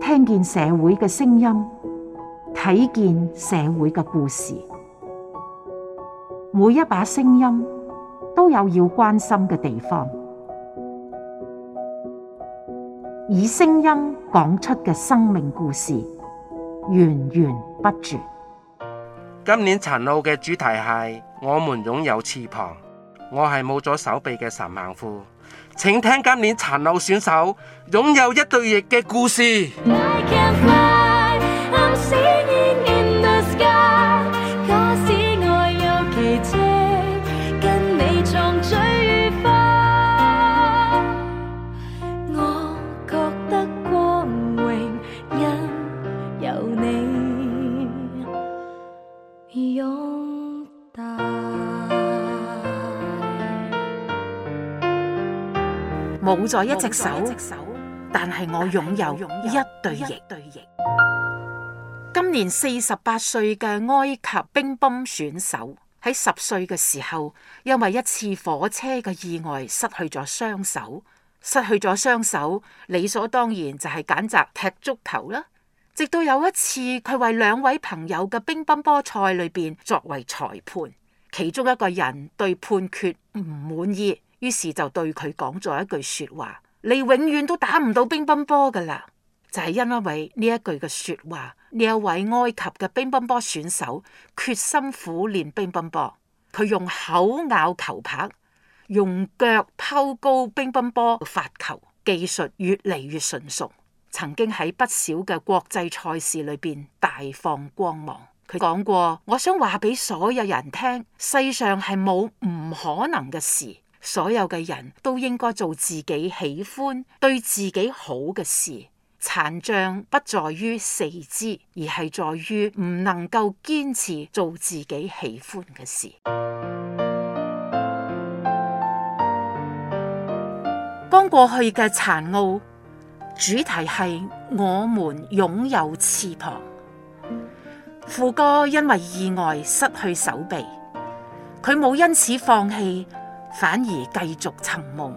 聽見社會嘅聲音，睇見社會嘅故事，每一把聲音都有要關心嘅地方。以聲音講出嘅生命故事，源源不絕。今年陳奧嘅主題係：我們擁有翅膀，我係冇咗手臂嘅殘行婦。請聽今年殘奧選手擁有一對翼嘅故事。冇咗一隻手，但係我擁有一對翼。今年四十八歲嘅埃及乒乓選手喺十歲嘅時候，因為一次火車嘅意外失去咗雙手，失去咗雙手，理所當然就係揀擇踢足球啦。直到有一次，佢為兩位朋友嘅乒乓波賽裏邊作為裁判，其中一個人對判決唔滿意。於是就對佢講咗一句說話：「你永遠都打唔到乒乓波噶啦！就係因為呢一句嘅說話，呢一位埃及嘅乒乓波選手決心苦練乒乓波。佢用口咬球拍，用腳拋高乒乓波發球，技術越嚟越純熟，曾經喺不少嘅國際賽事裏邊大放光芒。佢講過：「我想話俾所有人聽，世上係冇唔可能嘅事。所有嘅人都應該做自己喜歡、對自己好嘅事。殘障不在於四肢，而係在於唔能夠堅持做自己喜歡嘅事。剛過去嘅殘奧主題係我們擁有翅膀。富哥因為意外失去手臂，佢冇因此放棄。反而繼續尋夢，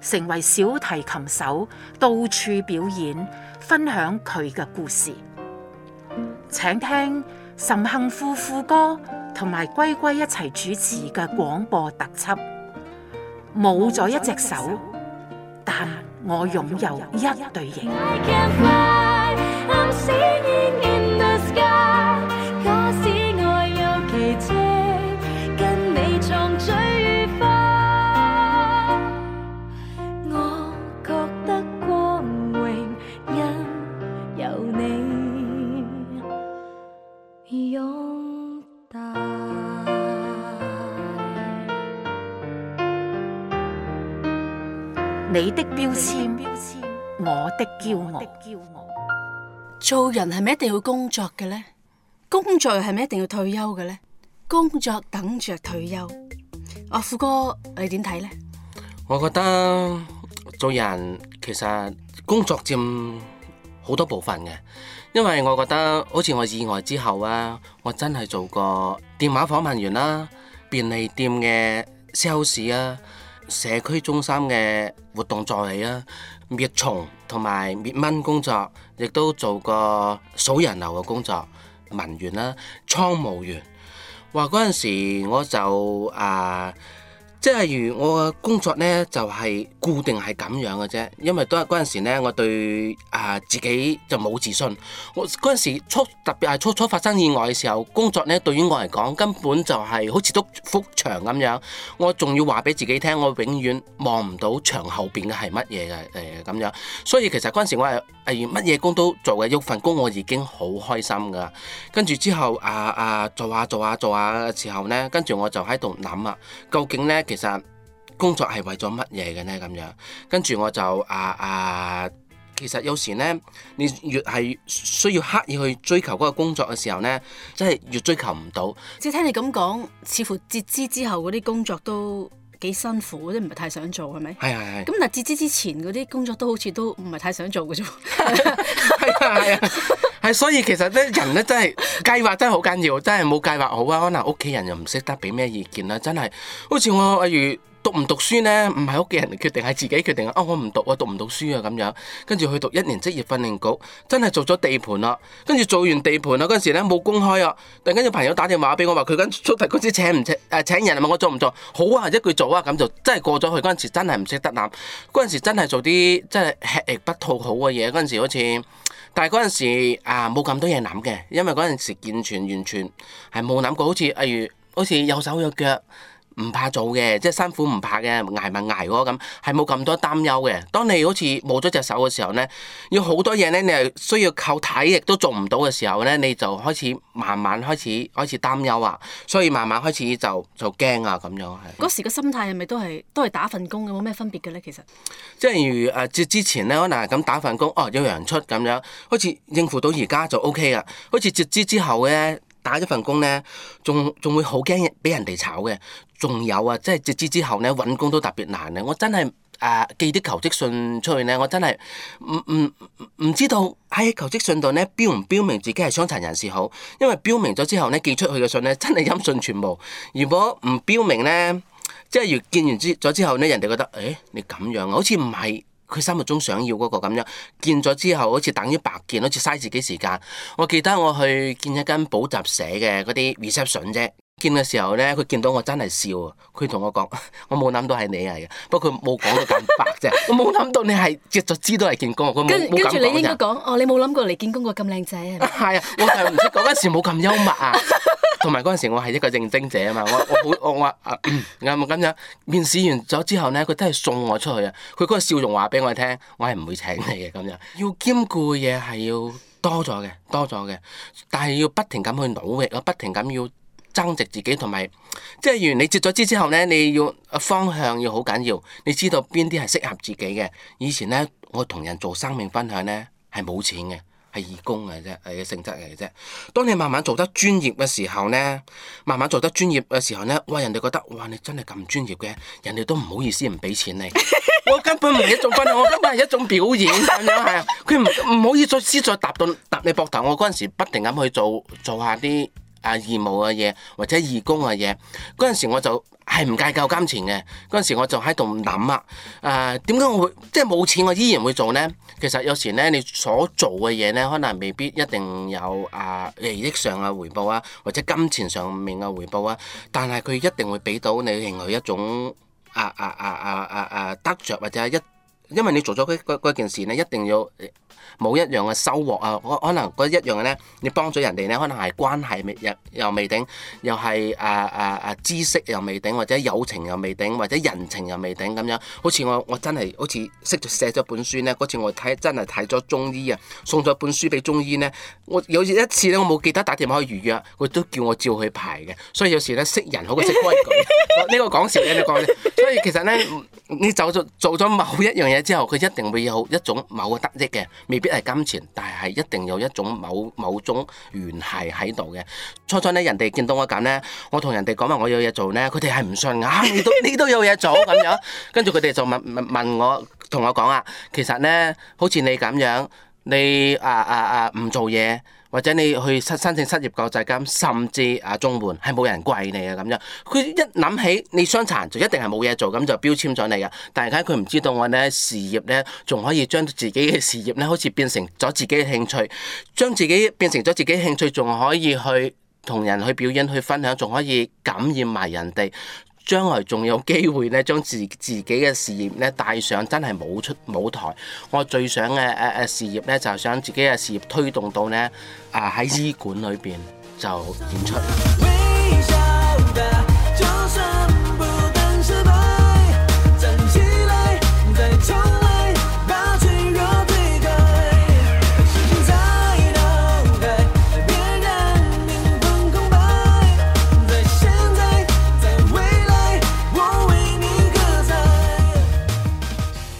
成為小提琴手，到處表演，分享佢嘅故事。請聽岑幸富富哥同埋龜龜一齊主持嘅廣播特輯。冇咗一隻手，但我擁有一對翼。你的標籤，標籤，我的驕傲。我的驕傲。做人係咪一定要工作嘅呢？工作係咪一定要退休嘅呢？工作等住退休。阿富哥，你點睇呢？我覺得做人其實工作佔好多部分嘅，因為我覺得好似我意外之後啊，我真係做過電話訪問員啦，便利店嘅 sales 啊。社區中心嘅活動助理啦，滅蟲同埋滅蚊工作，亦都做過數人流嘅工作，文員啦，倉務員。話嗰陣時我就誒。呃即係如我嘅工作呢，就係、是、固定係咁樣嘅啫。因為當嗰陣時呢，我對啊、呃、自己就冇自信。我嗰陣時初特別係初初發生意外嘅時候，工作呢對於我嚟講根本就係好似築幅牆咁樣。我仲要話俾自己聽，我永遠望唔到牆後邊嘅係乜嘢嘅誒咁樣。所以其實嗰陣時我係例如乜嘢工都做嘅，一份工我已經好開心噶。跟住之後啊啊做下、啊、做下、啊、做下、啊、嘅、啊、時候呢，跟住我就喺度諗啊，究竟呢？其實工作係為咗乜嘢嘅呢？咁樣，跟住我就啊啊，其實有時呢，你越係需要刻意去追求嗰個工作嘅時候呢，真係越追求唔到。即係聽你咁講，似乎截肢之後嗰啲工作都幾辛苦，即唔係太想做，係咪？係係係。咁但係截肢之前嗰啲工作都好似都唔係太想做嘅啫。係啊，係啊。係，所以其實咧，人咧真係計劃真係好緊要，真係冇計劃好啊。可能屋企人又唔識得俾咩意見啦，真係好似我阿如。讀唔讀書呢，唔係屋企人決定，係自己決定啊、哦！我唔讀啊，讀唔到書啊，咁樣跟住去讀一年職業訓練局，真係做咗地盤啦。跟住做完地盤啦，嗰陣時呢冇公開啊。突然間有朋友打電話俾我話，佢間速遞公司請唔請請人啊？我做唔做好啊？一句做啊，咁就真係過咗去。嗰陣時，真時真，真係唔識得諗。嗰陣時真係做啲真係吃力不討好嘅嘢。嗰陣時好似，但係嗰陣時啊冇咁多嘢諗嘅，因為嗰陣時完全完全係冇諗過，好似例如好似有手有腳。唔怕做嘅，即係辛苦唔怕嘅，捱咪捱咯咁，係冇咁多擔憂嘅。當你好似冇咗隻手嘅時候呢，要好多嘢呢，你係需要靠體力都做唔到嘅時候呢，你就開始慢慢開始開始擔憂啊，所以慢慢開始就就驚啊咁樣係。嗰時個心態係咪都係都係打份工嘅，冇咩分別嘅呢？其實即係如誒之、啊、之前呢，可能係咁打份工，哦有人出咁樣，好似應付到而家就 OK 啦。好似接之之後呢，打咗份工呢，仲仲會好驚俾人哋炒嘅。仲有啊，即係截肢之後呢，揾工都特別難咧。我真係誒、呃、寄啲求職信出去呢，我真係唔唔唔知道喺求職信度呢，標唔標明自己係傷殘人士好，因為標明咗之後呢，寄出去嘅信呢，真係音信全無。如果唔標明呢，即係如見完之咗之後呢，人哋覺得誒、欸、你咁樣，好似唔係佢心目中想要嗰個咁樣。見咗之後好似等於白見，好似嘥自己時間。我記得我去見一間補習社嘅嗰啲 reception 啫。見嘅時候咧，佢見到我真係笑，啊。佢同我講：我冇諗到係你嚟嘅，不過佢冇講到咁白啫。我冇諗到你係直至都係見工。跟住你應該講：哦，你冇諗過嚟見工個咁靚仔啊！係啊，我就唔知嗰陣時冇咁幽默啊，同埋嗰陣時我係一個應徵者啊嘛。我我我我話啊咁樣面試完咗之後呢，佢真係送我出去啊。佢嗰個笑容話俾我聽，我係唔會請你嘅咁樣。要兼顧嘅嘢係要多咗嘅，多咗嘅，但係要不停咁去努力，不停咁要。增值自己同埋，即係如你接咗資之後呢，你要方向要好緊要，你知道邊啲係適合自己嘅。以前呢，我同人做生命分享呢，係冇錢嘅，係義工嘅啫，係個性質嚟嘅啫。當你慢慢做得專業嘅時候呢，慢慢做得專業嘅時候呢，哇！人哋覺得哇，你真係咁專業嘅，人哋都唔好意思唔俾錢你 我。我根本唔係一種分享，我根本係一種表演，係啊係啊。佢唔唔好意思再搭到搭你膊頭，我嗰陣時不停咁去做做下啲。啊，義務嘅嘢或者義工嘅嘢，嗰陣時我就係唔計較金錢嘅。嗰陣時我就喺度諗啊，誒點解我會即係冇錢我依然會做呢？其實有時呢，你所做嘅嘢呢，可能未必一定有啊利益上嘅回報啊，或者金錢上面嘅回報啊，但係佢一定會俾到你另外一種啊啊啊啊啊得着，或者一。因為你做咗嗰件事呢，一定要冇一樣嘅收穫啊！可能嗰一樣呢，你幫咗人哋呢，可能係關係未又又未頂，又係啊啊知識又未頂，或者友情又未頂，或者人情又未頂咁樣。好似我我真係好似識咗寫咗本書呢。嗰次我睇真係睇咗中醫啊，送咗本書俾中醫呢。我有一次呢，我冇記得打電話去預約，佢都叫我照去排嘅。所以有時呢，識人好過識規矩，呢、呢個講笑嘅你講。所以其實呢，你做咗做咗某一樣嘢。之後佢一定會有一種某個得益嘅，未必係金錢，但係係一定有一種某某種聯繫喺度嘅。初初咧，人哋見到我咁咧，我同人哋講話我有嘢做咧，佢哋係唔信嘅，啊，你都你都有嘢做咁樣，跟住佢哋就問問問我，同我講啊，其實咧，好似你咁樣，你啊啊啊唔做嘢。或者你去申申請失業救濟金，甚至啊綜援，係冇人怪你嘅，咁樣，佢一諗起你傷殘就一定係冇嘢做，咁就標籤咗你嘅。但係而家佢唔知道我呢事業呢，仲可以將自己嘅事業呢，好似變成咗自己嘅興趣，將自己變成咗自己興趣，仲可以去同人去表演去分享，仲可以感染埋人哋。將來仲有機會咧，將自自己嘅事業咧帶上，真係冇出舞台。我最想嘅誒誒事業咧，就係想自己嘅事業推動到咧啊喺醫館裏邊就演出。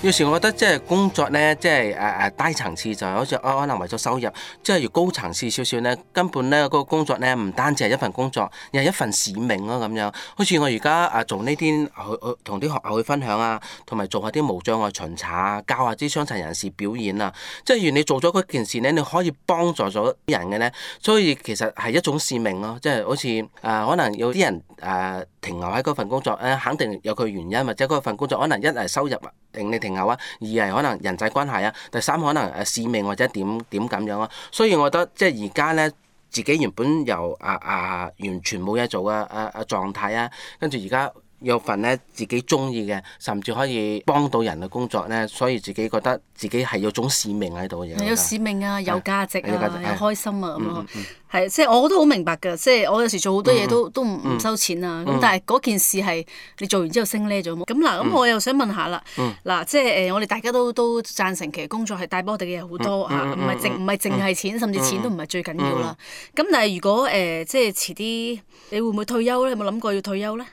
有時我覺得即係工作呢，即係誒誒低層次就好似可能為咗收入，即係越高層次少少呢，根本呢嗰個工作呢，唔單止係一份工作，又係一份使命咯、啊、咁樣。好似我而家誒做呢啲去同啲學校去分享啊，同埋做下啲無障礙巡查啊，教下啲傷殘人士表演啊，即係原來你做咗嗰件事呢，你可以幫助咗啲人嘅呢。所以其實係一種使命咯、啊，即係好似誒、啊、可能有啲人誒。啊停留喺嗰份工作咧，肯定有佢原因，或者嗰份工作可能一係收入令你停留啊，二係可能人際關係啊，第三可能誒使命或者點點咁樣咯。所以我覺得即係而家咧，自己原本由啊啊完全冇嘢做啊啊啊狀態啊，跟住而家。有份咧，自己中意嘅，甚至可以幫到人嘅工作咧，所以自己覺得自己係有種使命喺度嘅嘢。有使命啊，有價值你啊，哎有哎、又開心啊，咁咯、嗯，係、嗯、即係我都好明白㗎。即係我有時做好多嘢都都唔收錢啊。咁、嗯、但係嗰件事係你做完之後升呢咗咁嗱。咁我又想問下、嗯、啦，嗱，即係誒，我哋大家都都贊成，其實工作係帶俾我哋嘅嘢好多吓，唔係淨唔係淨係錢，嗯、甚至錢都唔係最緊要啦。咁、嗯嗯嗯嗯、但係如果誒，即係遲啲你會唔會退休咧？有冇諗過要退休咧？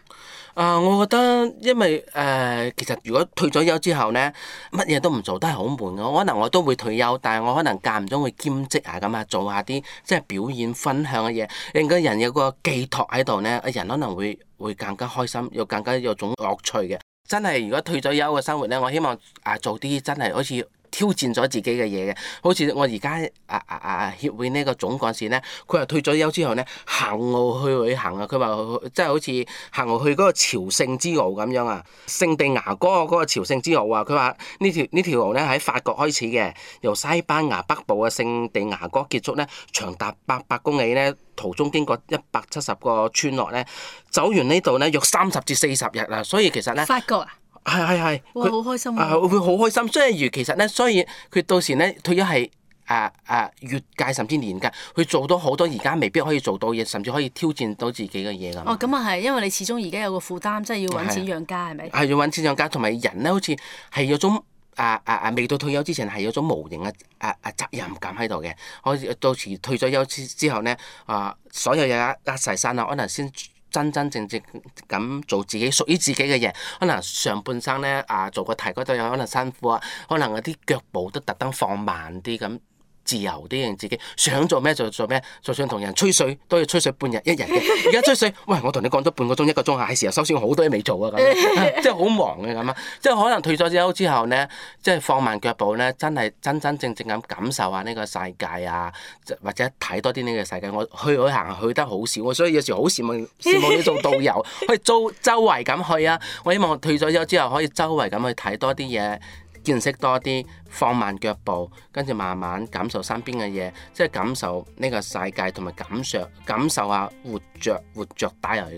啊、呃，我覺得因為誒、呃，其實如果退咗休之後呢，乜嘢都唔做都，都係好悶嘅。我可能我都會退休，但係我可能間唔中會兼職啊咁啊，做一下啲即係表演分享嘅嘢，令個人有個寄託喺度呢，人可能會會更加開心，又更加有種樂趣嘅。真係如果退咗休嘅生活呢，我希望啊做啲真係好似～挑戰咗自己嘅嘢嘅，好似我而家啊啊啊協會呢個總幹事呢，佢話退咗休之後呢，行路去旅行啊！佢話即係好似行路去嗰個朝聖之路咁樣啊，聖地牙哥嗰個朝聖之路啊，佢話呢條呢條路呢喺法國開始嘅，由西班牙北部嘅聖地牙哥結束呢，長達八百公里呢，途中經過一百七十個村落呢，走完呢度呢約三十至四十日喇，所以其實呢。法國啊。係係係，是是是哇！好開心啊！佢會好開心，所以其，其實咧，所以佢到時咧退休係誒誒月屆甚至年屆，佢做到好多而家未必可以做到嘅嘢，甚至可以挑戰到自己嘅嘢咁。哦，咁啊係，因為你始終而家有個負擔，即係要揾錢養家，係咪？係、啊、要揾錢養家，同埋人咧，好似係有種誒誒誒未到退休之前係有種無形嘅誒誒責任感喺度嘅。我到時退咗休之之後咧，啊所有嘢呃晒散啦，可能先。真真正正咁做自己屬於自己嘅嘢，可能上半生呢，啊，做個提高都有可能辛苦啊，可能嗰啲腳步都特登放慢啲咁。自由啲，自己想做咩就做咩，就算同人吹水都要吹水半日一日嘅。而家吹水，喂，我同你講咗半個鐘一個鐘啊，係時候收線好多嘢未做啊，咁即係好忙嘅咁啊。即係可能退咗休之後呢，即係放慢腳步呢，真係真真正正咁感受下呢個世界啊，或者睇多啲呢個世界。我去旅行去得好少，所以有時好羨慕羨慕你做導遊，可以周圍咁去啊。我希望退咗休之後可以周圍咁去睇多啲嘢。見識多啲，放慢腳步，跟住慢慢感受身邊嘅嘢，即係感受呢個世界同埋感受。感受下活著活著帶來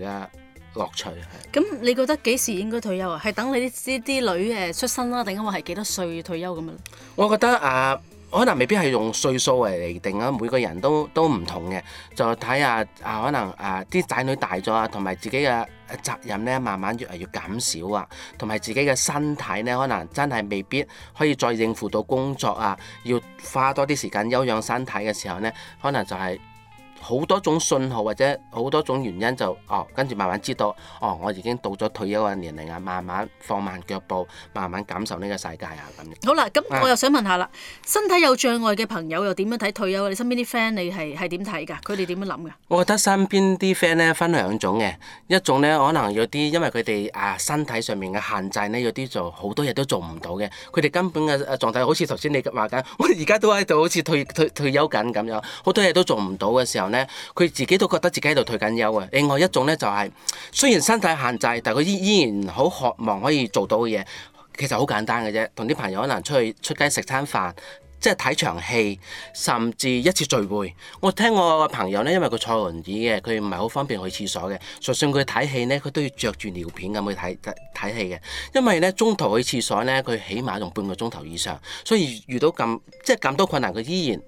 嘅樂趣。咁你覺得幾時應該退休啊？係等你啲啲女誒出生啦、啊，定係話係幾多歲退休咁樣？我覺得啊。呃可能未必係用歲數嚟定啊，每個人都都唔同嘅，就睇下啊可能啊啲仔女大咗啊，同埋自己嘅責任呢，慢慢越嚟越減少啊，同埋自己嘅身體呢，可能真係未必可以再應付到工作啊，要花多啲時間休養身體嘅時候呢，可能就係、是。好多種信號或者好多種原因就哦，跟住慢慢知道哦，我已經到咗退休嘅年齡啊，慢慢放慢腳步，慢慢感受呢個世界啊咁樣，好啦，咁我又想問下啦，啊、身體有障礙嘅朋友又點樣睇退休？你身邊啲 friend 你係係點睇噶？佢哋點樣諗噶？我覺得身邊啲 friend 咧分兩種嘅，一種咧可能有啲因為佢哋啊身體上面嘅限制咧，有啲做好多嘢都做唔到嘅，佢哋根本嘅狀態好似頭先你話緊我而家都喺度好似退退退休緊咁樣，好多嘢都做唔到嘅時候。咧佢自己都覺得自己喺度退緊休啊。另外一種咧就係雖然身體限制，但係佢依依然好渴望可以做到嘅嘢。其實好簡單嘅啫，同啲朋友可能出去出街食餐飯，即係睇場戲，甚至一次聚會。我聽我個朋友呢，因為佢坐輪椅嘅，佢唔係好方便去廁所嘅。就算佢睇戲呢，佢都要着住尿片咁去睇睇戲嘅。因為呢，中途去廁所呢，佢起碼用半個鐘頭以上。所以遇到咁即係咁多困難，佢依然。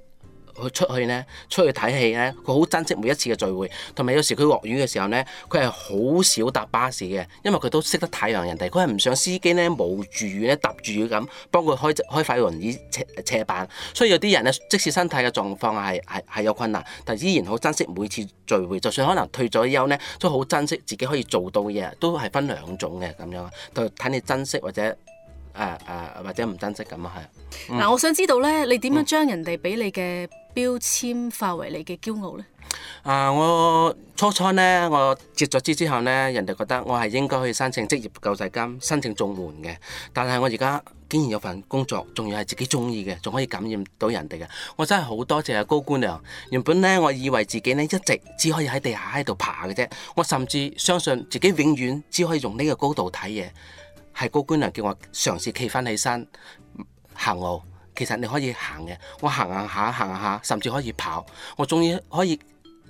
佢出去呢，出去睇戲呢，佢好珍惜每一次嘅聚會。同埋有時佢落雨嘅時候呢，佢係好少搭巴士嘅，因為佢都識得體諒人哋，佢係唔想司機呢冇住雨呢揼住咁幫佢開開快輪椅斜斜板。所以有啲人呢，即使身體嘅狀況係係有困難，但依然好珍惜每次聚會。就算可能退咗休呢，都好珍惜自己可以做到嘅嘢，都係分兩種嘅咁樣，就睇你珍惜或者誒誒、呃呃、或者唔珍惜咁啊。係嗱，我想知道呢，你點樣將人哋俾你嘅？嗯嗯標籤化為你嘅驕傲呢？啊，我初初呢，我接咗資之後呢，人哋覺得我係應該去申請職業救濟金，申請綜援嘅。但係我而家竟然有份工作，仲要係自己中意嘅，仲可以感染到人哋嘅。我真係好多謝阿高官娘。原本呢，我以為自己呢一直只可以喺地下喺度爬嘅啫。我甚至相信自己永遠只可以用呢個高度睇嘢。係高官娘叫我嘗試企翻起身行路。其實你可以行嘅，我行行下，行下，甚至可以跑，我終於可以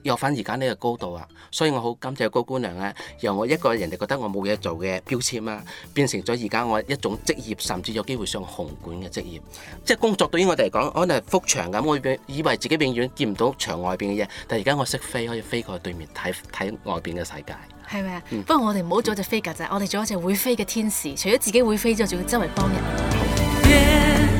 有翻而家呢個高度啊！所以我好感謝高姑娘啊。由我一個人哋覺得我冇嘢做嘅標籤啊，變成咗而家我一種職業，甚至有機會上紅館嘅職業。即係工作對於我哋嚟講，可能係覆牆咁，我以為自己永遠，遠見唔到牆外邊嘅嘢，但係而家我識飛，可以飛過去對面睇睇外邊嘅世界。係咪啊？嗯、不過我哋唔好做隻飛鴿仔，我哋做一隻會飛嘅天使，除咗自己會飛之後，仲要周圍幫人。Yeah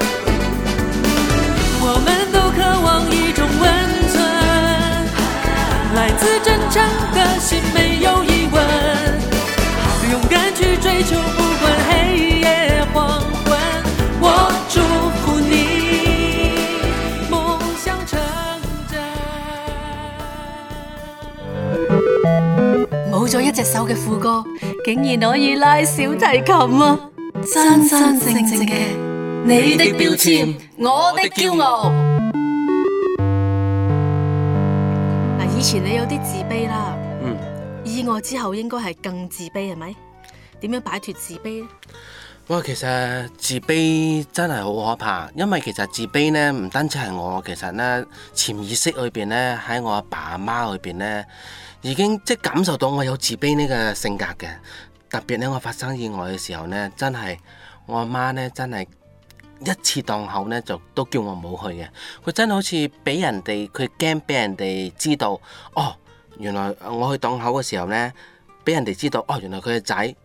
我們都渴望一種溫存，來自真誠的心，沒有疑問，勇敢去追求，不管黑夜黃昏，我祝福你夢想成真，冇咗一隻手嘅副歌，竟然可以拉小提琴啊！真真正正嘅你的標籤。我的驕傲。以前你有啲自卑啦，嗯，意外之後應該係更自卑係咪？點樣擺脫自卑咧？哇，其實自卑真係好可怕，因為其實自卑呢唔單止係我，其實呢潛意識裏邊呢，喺我阿爸阿媽裏邊呢，已經即係感受到我有自卑呢個性格嘅。特別呢，我發生意外嘅時候呢，真係我阿媽呢，真係。一次檔口咧就都叫我唔好去嘅，佢真係好似俾人哋，佢驚俾人哋知道哦，原來我去檔口嘅時候咧，俾人哋知道哦，原來佢嘅仔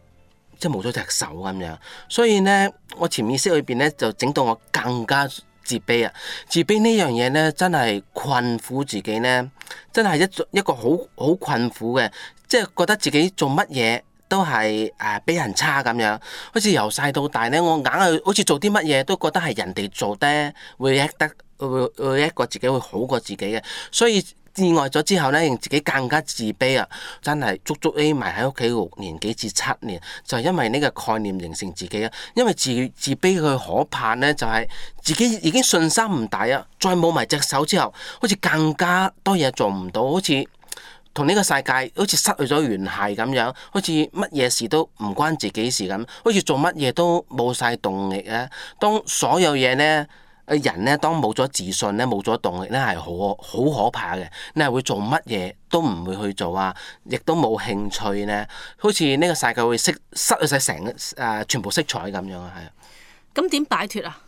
即係冇咗隻手咁樣，所以咧我潛意識裏邊咧就整到我更加自卑啊！自卑呢樣嘢咧真係困苦自己咧，真係一一個好好困苦嘅，即係覺得自己做乜嘢？都係誒，比人差咁樣，好似由細到大呢，我硬係好似做啲乜嘢都覺得係人哋做咧，會得，會會一個自己會好過自己嘅，所以意外咗之後呢，令自己更加自卑啊！真係足足匿埋喺屋企六年幾至七年，就係、是、因為呢個概念形成自己啊！因為自自卑佢可怕呢，就係自己已經信心唔大啊！再冇埋隻手之後，好似更加多嘢做唔到，好似。同呢個世界好似失去咗聯繫咁樣，好似乜嘢事都唔關自己事咁，好似做乜嘢都冇晒動力啊！當所有嘢呢，人呢，當冇咗自信呢，冇咗動力呢，係好好可怕嘅。你係會做乜嘢都唔會去做啊，亦都冇興趣呢，好似呢個世界會失失去晒成誒全部色彩咁樣脫啊！係啊，咁點擺脱啊？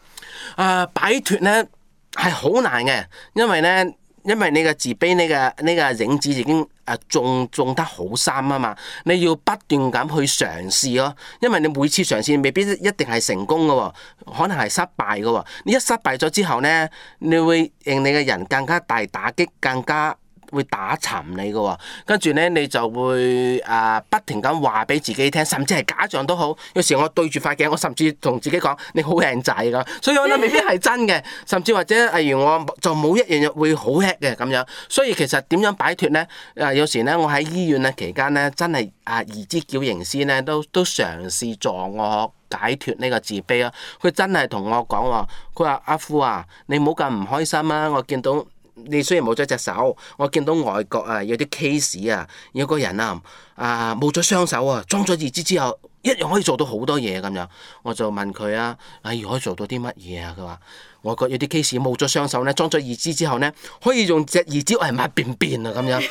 誒，擺脱呢係好難嘅，因為呢。因為你嘅自卑呢個呢個影子已經誒重重得好深啊嘛，你要不斷咁去嘗試咯，因為你每次嘗試未必一定係成功噶，可能係失敗噶，你一失敗咗之後呢，你會令你嘅人更加大打擊，更加。會打沉你嘅喎，跟住呢，你就會誒、啊、不停咁話俾自己聽，甚至係假象都好。有時我對住塊鏡，我甚至同自己講你好靚仔嘅，所以我覺得未必係真嘅。甚至或者例如、哎、我就冇一樣嘢會好叻嘅咁樣。所以其實點樣擺脱呢？誒有時呢，我喺醫院嘅期間呢，真係啊義肢矯形師呢，都都嘗試助我解脱呢個自卑咯。佢真係同我講喎，佢話阿夫啊，你冇咁唔開心啊，我見到。你雖然冇咗隻手，我見到外國啊有啲 case 啊，有個人啊啊冇咗雙手啊，裝咗義肢之後一樣可以做到好多嘢咁樣。我就問佢啊，唉、哎，可以做到啲乜嘢啊？佢話外國有啲 case 冇咗雙手咧，裝咗義肢之後咧，可以用隻義肢係埋便便啊咁樣。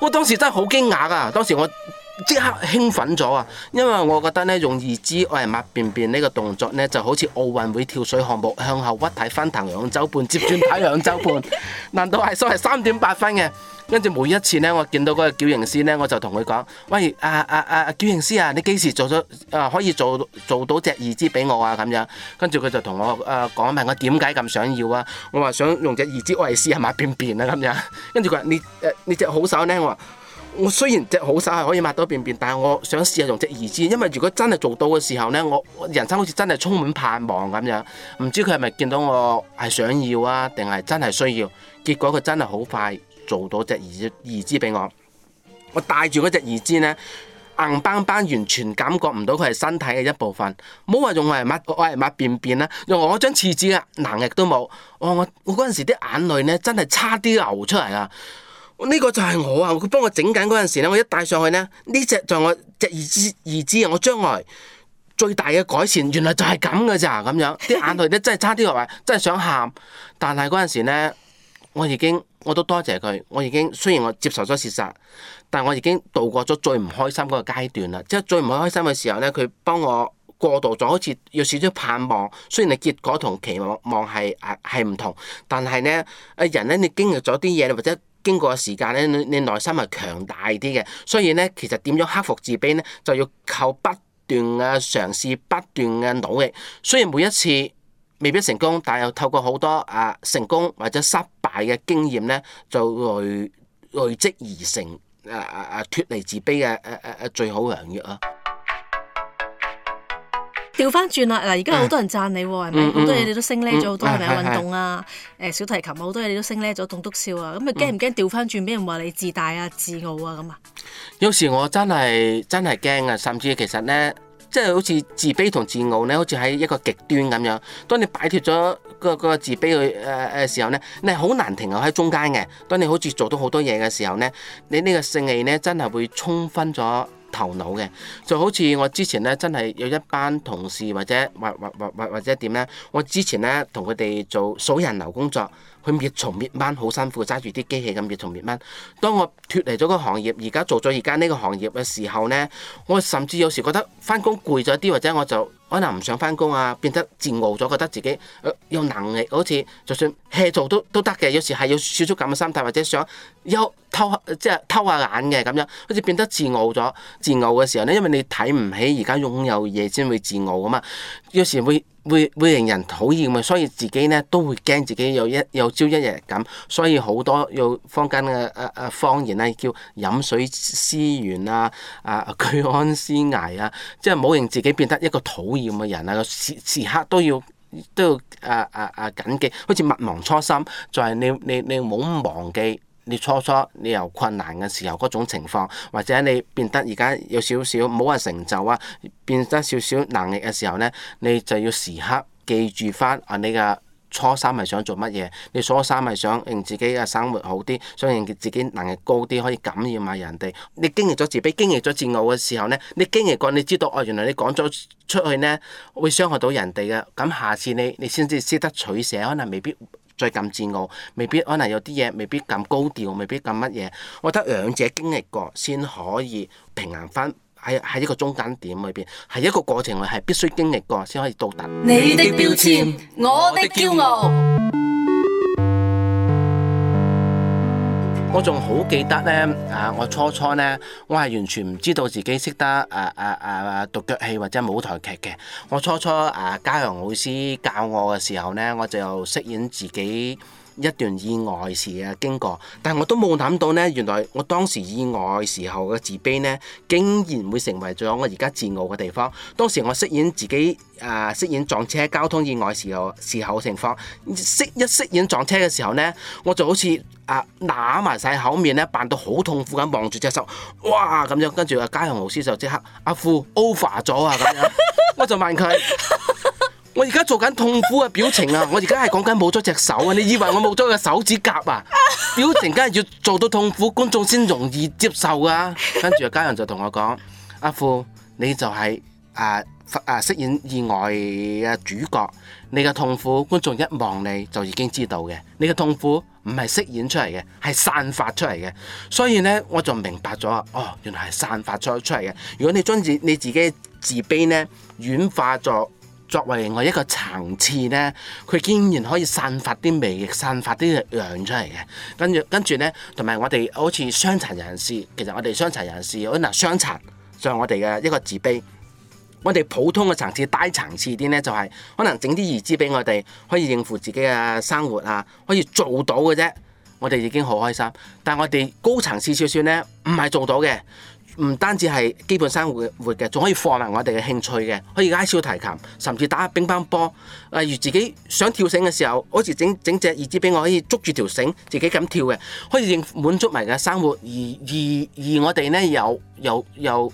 我當時真係好驚訝啊！當時我。即刻興奮咗啊！因為我覺得咧用義肢愛嚟抹便便呢個動作咧，就好似奧運會跳水項目向後屈體翻騰兩週半接轉體兩週半。 難度係數係三點八分嘅？跟住每一次咧，我見到嗰個矯形師咧，我就同佢講：喂，阿阿阿矯形師啊，你幾時做咗？誒、啊，可以做做到隻義肢俾我啊？咁樣。跟住佢就同我誒講明我點解咁想要啊？我話想用隻義肢愛嚟試下抹便便啊！咁樣。跟住佢話：你誒、呃、你隻好手咧，我話。我我雖然隻好手係可以抹到便便，但係我想試下用隻義肢，因為如果真係做到嘅時候呢，我人生好似真係充滿盼望咁樣。唔知佢係咪見到我係想要啊，定係真係需要？結果佢真係好快做到隻義肢義肢俾我。我戴住嗰隻義肢呢，硬邦邦，完全感覺唔到佢係身體嘅一部分。冇好話用我係抹我係抹便便啦，用我張廁紙嘅能力都冇、哦。我我我嗰陣時啲眼淚呢，真係差啲流出嚟啊！呢個就係我啊！佢幫我整緊嗰陣時咧，我一戴上去呢，呢隻就係我隻而知而知，我將來最大嘅改善，原來就係咁嘅咋咁樣。啲眼淚都真係差啲落嚟，真係想喊。但係嗰陣時咧，我已經我都多謝佢。我已經雖然我接受咗事實，但我已經度過咗最唔開心嗰個階段啦。即係最唔開心嘅時候呢，佢幫我過渡咗，好似有少少盼望。雖然你結果同期望望係係唔同，但係呢，人呢，你經歷咗啲嘢或者～經過嘅時間咧，你你內心係強大啲嘅。所以咧，其實點樣克服自卑呢？就要靠不斷嘅嘗試，不斷嘅努力。雖然每一次未必成功，但係又透過好多啊成功或者失敗嘅經驗咧，就累累積而成啊啊脫離自卑嘅誒誒最好良藥啊！調翻轉啦！嗱，而家好多人讚你喎，係咪、嗯？好、嗯、多嘢你都升咧咗，好多係咪運動啊？誒是小提琴啊，好多嘢你都升咧咗，棟篤笑啊！咁咪驚唔驚調翻轉？俾、嗯、人話你自大啊、自傲啊咁啊？有時我真係真係驚啊！甚至其實咧，即、就、係、是、好似自卑同自傲咧，好似喺一個極端咁樣。當你擺脱咗、那個、那個自卑去誒誒時候咧，你係好難停留喺中間嘅。當你好似做到好多嘢嘅時候咧，你呢個勝利咧真係會衝昏咗頭腦嘅，就好似我之前咧，真係有一班同事或者或或或或或者點咧，我之前咧同佢哋做數人流工作。咁滅蟲滅蚊好辛苦，揸住啲機器咁滅蟲滅蚊。當我脱離咗個行業，而家做咗而家呢個行業嘅時候呢，我甚至有時覺得翻工攰咗啲，或者我就可能唔想翻工啊，變得自傲咗，覺得自己有能力，好似就算 hea 做都都得嘅。有時係要滿足咁嘅心態，或者想休偷即係偷下眼嘅咁樣，好似變得自傲咗。自傲嘅時候呢，因為你睇唔起而家擁有嘢先會自傲啊嘛。有時會。會會令人討厭啊，所以自己呢都會驚自己有一有朝一日咁，所以好多有坊間嘅誒誒方言咧，叫飲水思源啊，啊、呃、居安思危啊，即係冇令自己變得一個討厭嘅人啊，時時刻都要都要啊啊啊緊記，好似勿忘初心，就係、是、你你你唔好忘記。你初初你有困難嘅時候嗰種情況，或者你變得而家有少少冇話成就啊，變得少少能力嘅時候呢，你就要時刻記住返啊你嘅初心係想做乜嘢？你初心係想令自己嘅生活好啲，想令自己能力高啲，可以感染下人哋。你經歷咗自卑、經歷咗自傲嘅時候呢，你經歷過你知道哦，原來你講咗出去呢會傷害到人哋嘅，咁下次你你先至識得取捨，可能未必。再咁自傲，未必可能有啲嘢，未必咁高調，未必咁乜嘢。我覺得兩者經歷過先可以平衡翻喺喺一個中間點裏邊，係一個過程裏係必須經歷過先可以到達。你的標籤，我的驕傲。我仲好記得咧，啊！我初初咧，我係完全唔知道自己識得啊啊啊獨腳戲或者舞台劇嘅。我初初啊，嘉陽老師教我嘅時候咧，我就飾演自己。一段意外事嘅經過，但係我都冇諗到呢。原來我當時意外時候嘅自卑呢，竟然會成為咗我而家自傲嘅地方。當時我飾演自己誒、呃、飾演撞車交通意外時候時候嘅情況，飾一飾演撞車嘅時候呢，我就好似誒攬埋晒口面呢，扮到好痛苦咁望住隻手，哇咁樣，跟住阿嘉雄老師就即刻阿富 over 咗啊咁樣， 我就問佢。我而家做緊痛苦嘅表情啊！我而家係講緊冇咗隻手啊！你以為我冇咗個手指甲啊？表情梗係要做到痛苦，觀眾先容易接受㗎！跟住家人就同我講：「阿父，你就係啊啊飾演意外嘅主角，你嘅痛苦觀眾一望你就已經知道嘅。你嘅痛苦唔係飾演出嚟嘅，係散發出嚟嘅。所以呢，我就明白咗哦，原來係散發咗出嚟嘅。如果你將自你自己自卑呢，軟化咗。」作為另一個層次呢，佢竟然可以散發啲味，散發啲陽出嚟嘅。跟住跟住呢，同埋我哋好似傷殘人士，其實我哋傷殘人士可能傷殘，殘就係我哋嘅一個自卑。我哋普通嘅層次低層次啲呢、就係，就係可能整啲義肢俾我哋，可以應付自己嘅生活啊，可以做到嘅啫。我哋已經好開心，但係我哋高層次少，少少呢，唔係做到嘅。唔單止係基本生活活嘅，仲可以放埋我哋嘅興趣嘅，可以拉小提琴，甚至打乒乓波。例如自己想跳繩嘅時候，好似整整隻椅子俾我，可以捉住條繩自己咁跳嘅，可以應滿足埋嘅生活。而而而我哋呢，有。又又。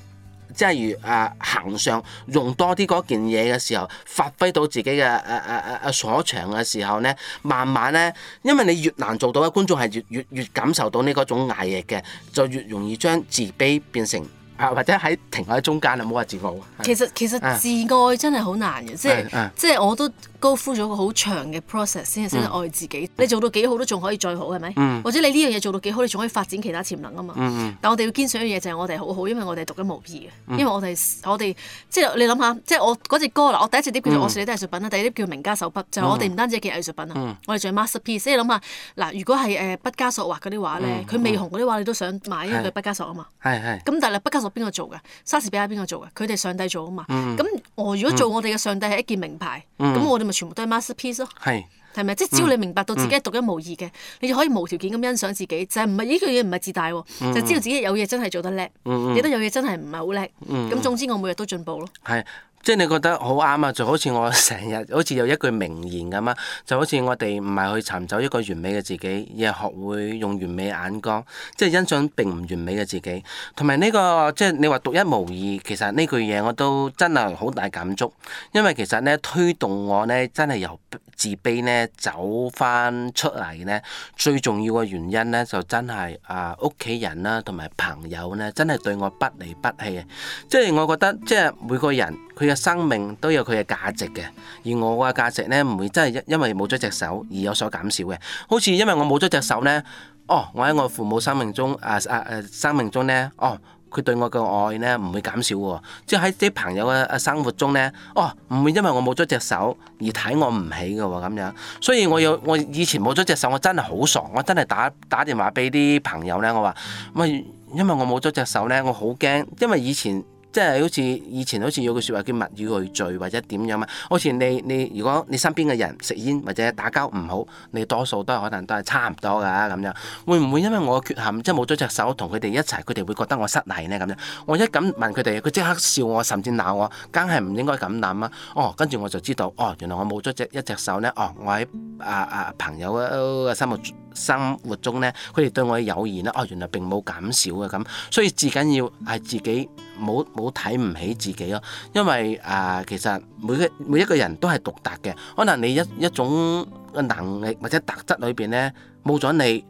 即係如誒行上用多啲嗰件嘢嘅時候，發揮到自己嘅誒誒誒誒所長嘅時候呢，慢慢呢，因為你越難做到嘅觀眾係越越越感受到呢嗰種壓力嘅，就越容易將自卑變成。或者喺停喺中間啦，唔話自我。其實其實自愛真係好難嘅，即係即係我都 go through 咗個好長嘅 process 先先愛自己。你做到幾好都仲可以再好，係咪？或者你呢樣嘢做到幾好，你仲可以發展其他潛能啊嘛。但我哋要堅信一樣嘢就係我哋好好，因為我哋獨一無二嘅。因為我哋我哋即係你諗下，即係我嗰隻歌嗱，我第一隻碟叫做我是你藝術品啦，第二碟叫名家手筆，就係我哋唔單止係嘅藝術品啦，我哋仲係 masterpiece。你諗下嗱，如果係誒畢加索畫嗰啲畫咧，佢未紅嗰啲畫你都想買，因為佢畢加索啊嘛。咁但係畢加邊個做嘅？莎士比亞邊個做嘅？佢哋上帝做啊嘛。咁、嗯、我如果做我哋嘅上帝係一件名牌，咁、嗯、我哋咪全部都係 masterpiece 咯。係係咪？即係只要你明白到自己係獨一無二嘅，你就可以無條件咁欣賞自己。就係唔係呢句嘢，唔係自大，嗯、就知道自己有嘢真係做得叻，亦都、嗯、有嘢真係唔係好叻。咁、嗯、總之我每日都進步咯。係。即係你覺得好啱啊！就好似我成日好似有一句名言咁啊，就好似我哋唔係去尋找一個完美嘅自己，而係學會用完美嘅眼光，即係欣賞並唔完美嘅自己。同埋呢個即係你話獨一無二，其實呢句嘢我都真係好大感觸，因為其實呢推動我呢真係由自卑呢走翻出嚟呢，最重要嘅原因呢就真係、呃、啊屋企人啦，同埋朋友呢真係對我不離不棄嘅。即係我覺得即係每個人。佢嘅生命都有佢嘅價值嘅，而我嘅價值呢，唔會真係因為冇咗隻手而有所減少嘅。好似因為我冇咗隻手呢，哦，我喺我父母生命中啊啊啊生命中呢，哦，佢對我嘅愛呢，唔會減少喎。即喺啲朋友嘅生活中呢，哦，唔會因為我冇咗隻手而睇我唔起嘅喎咁樣。所以我有我以前冇咗隻手，我真係好傻，我真係打打電話俾啲朋友呢，我話喂，因為我冇咗隻手呢，我好驚，因為以前。即係好似以前好似有句説話叫物以類聚，或者點樣嘛？好似你你如果你身邊嘅人食煙或者打交唔好，你多數都係可能都係差唔多噶咁樣。會唔會因為我嘅缺陷即係冇咗隻手，同佢哋一齊，佢哋會覺得我失禮呢？咁樣？我一咁問佢哋，佢即刻笑我，甚至鬧我，梗係唔應該咁諗啊！哦，跟住我就知道，哦，原來我冇咗隻一隻手呢。哦，我喺啊啊朋友嘅生活生活中呢，佢哋對我嘅友誼呢，哦，原來並冇減少嘅咁，所以至緊要係自己。冇冇睇唔起自己咯，因為誒、呃、其實每一個每一個人都係獨特嘅，可能你一一種嘅能力或者特質裏邊呢，冇咗你，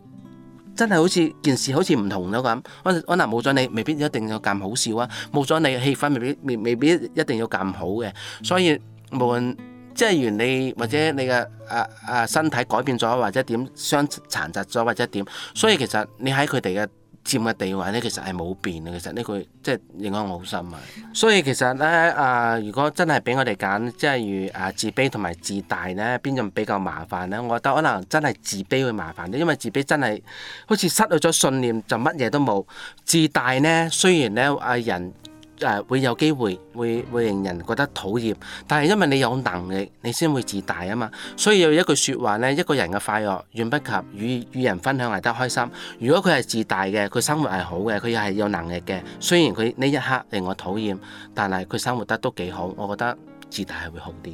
真係好似件事好似唔同咗咁。可能冇咗你，未必一定要咁好笑啊，冇咗你嘅氣氛未必未未必一定要咁好嘅。所以無論即係原你或者你嘅誒誒身體改變咗，或者點傷殘疾咗，或者點，所以其實你喺佢哋嘅佔嘅地位咧，其實係冇變啊！其實呢個即係影響我好深啊！所以其實咧啊、呃，如果真係俾我哋揀，即係如啊自卑同埋自大咧，邊種比較麻煩咧？我覺得可能真係自卑會麻煩啲，因為自卑真係好似失去咗信念，就乜嘢都冇。自大咧，雖然咧啊人，誒、啊、會有機會，會會令人覺得討厭。但係因為你有能力，你先會自大啊嘛。所以有一句説話咧，一個人嘅快樂遠不及與與人分享嚟得開心。如果佢係自大嘅，佢生活係好嘅，佢又係有能力嘅。雖然佢呢一刻令我討厭，但係佢生活得都幾好。我覺得自大係會好啲，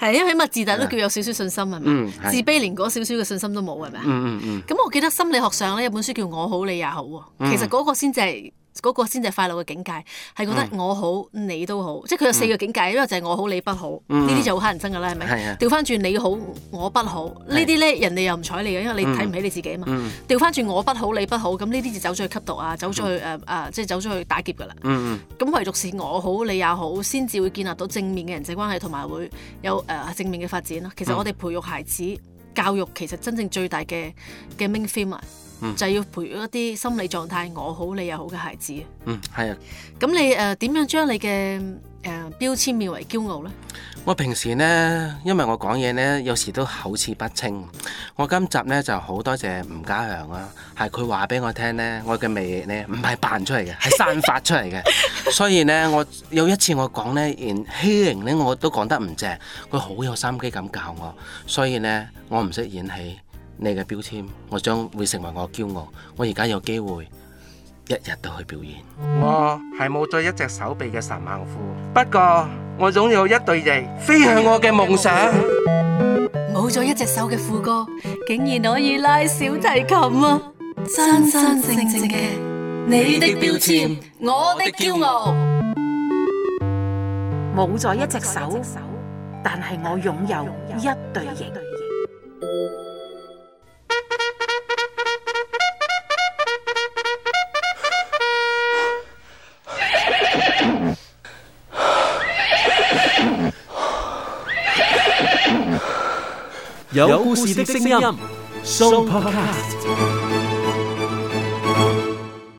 係 因為起碼自大都叫有少少信心係咪？嗯、自卑連嗰少少嘅信心都冇係咪啊？咁、嗯嗯、我記得心理學上咧有一本書叫《我好你也好》喎，其實嗰個先至係。嗰個先至快樂嘅境界，係覺得我好、嗯、你都好，即係佢有四個境界，嗯、因為就係我好你不好，呢啲、嗯、就好乞人憎噶啦，係咪？調翻轉你好我不好，是的 呢啲咧人哋又唔睬你嘅，因為你睇唔起你自己啊嘛。調翻轉我不好你不好，咁呢啲就走出去吸毒去、嗯、啊，走出去誒誒，即係走出去打劫噶啦。咁、嗯、唯獨是我好你也好，先至會建立到正面嘅人際關係，同埋會有誒、呃、正面嘅發展咯。其實我哋培育孩子教育，其實真正最大嘅嘅 main theme 嗯、就要培育一啲心理狀態，我好你又好嘅孩子。嗯，係啊。咁你誒點、呃、樣將你嘅誒、呃、標籤變為驕傲呢？我平時呢，因為我講嘢呢，有時都口齒不清。我今集呢，就好多謝吳家良啦、啊，係佢話俾我聽呢，我嘅味咧唔係扮出嚟嘅，係 散發出嚟嘅。所以呢，我有一次我講呢，連欺凌呢，我都講得唔正。佢好有心機咁教我，所以呢，我唔識演戲。你嘅標籤，我將會成為我驕傲。我而家有機會，一日都去表演。我係冇咗一隻手臂嘅十萬富，不過我總有一對翼，飛向我嘅夢想。冇咗一隻手嘅富哥，竟然可以拉小提琴啊！真真正正嘅，你的標籤，我的驕傲。冇咗一隻手，但係我擁有一對翼。有故事的聲播音蘇帕卡